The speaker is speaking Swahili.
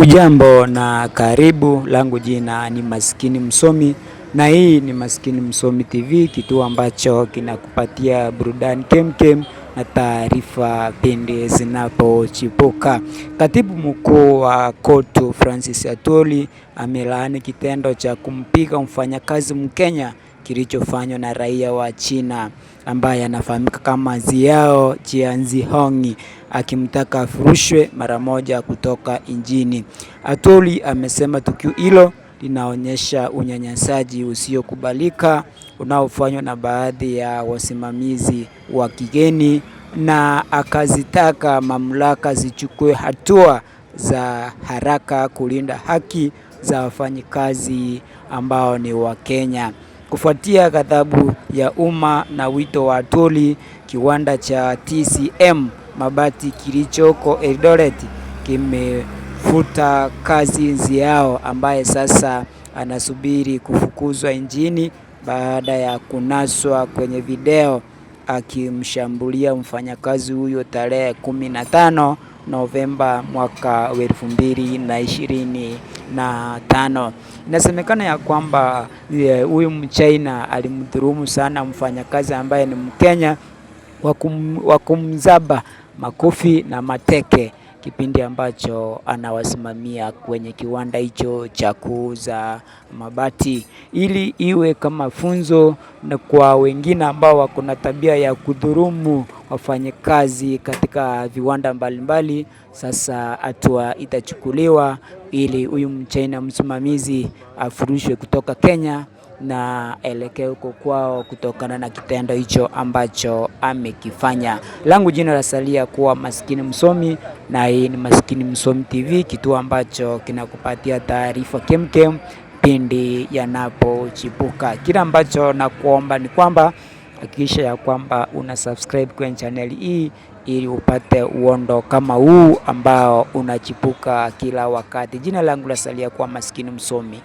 Ujambo na karibu. Langu jina ni Maskini Msomi na hii ni Maskini Msomi TV, kituo ambacho kinakupatia burudani kemkem na taarifa pindi zinapochipuka. Katibu mkuu wa KOTU Francis Atwoli amelaani kitendo cha kumpiga mfanyakazi Mkenya kilichofanywa na raia wa China ambaye anafahamika kama ziao Jianzhong akimtaka afurushwe mara moja kutoka nchini. atoli amesema tukio hilo linaonyesha unyanyasaji usiokubalika unaofanywa na baadhi ya wasimamizi wa kigeni na akazitaka mamlaka zichukue hatua za haraka kulinda haki za wafanyikazi ambao ni wa kenya kufuatia ghadhabu ya umma na wito wa toli kiwanda cha TCM Mabati kilichoko Eldoret kimefuta kazi Nziao ambaye sasa anasubiri kufukuzwa injini baada ya kunaswa kwenye video akimshambulia mfanyakazi huyo tarehe kumi na tano Novemba mwaka elfu mbili na ishirini na tano. Inasemekana ya kwamba huyu Mchina alimdhulumu sana mfanyakazi ambaye ni Mkenya wa kumzaba makofi na mateke kipindi ambacho anawasimamia kwenye kiwanda hicho cha kuuza mabati, ili iwe kama funzo na kwa wengine ambao wako na tabia ya kudhurumu wafanyakazi katika viwanda mbalimbali. Sasa hatua itachukuliwa ili huyu mchaina msimamizi afurushwe kutoka Kenya na elekea huko kwao kutokana na kitendo hicho ambacho amekifanya. Langu jina la salia kuwa Maskini Msomi, na hii ni Maskini Msomi TV, kituo ambacho kinakupatia taarifa kemkem pindi yanapochipuka. Kile ambacho nakuomba ni kwamba hakikisha ya kwamba una subscribe kwenye channel hii ili upate uondo kama huu ambao unachipuka kila wakati. Jina langu la salia kuwa Maskini Msomi.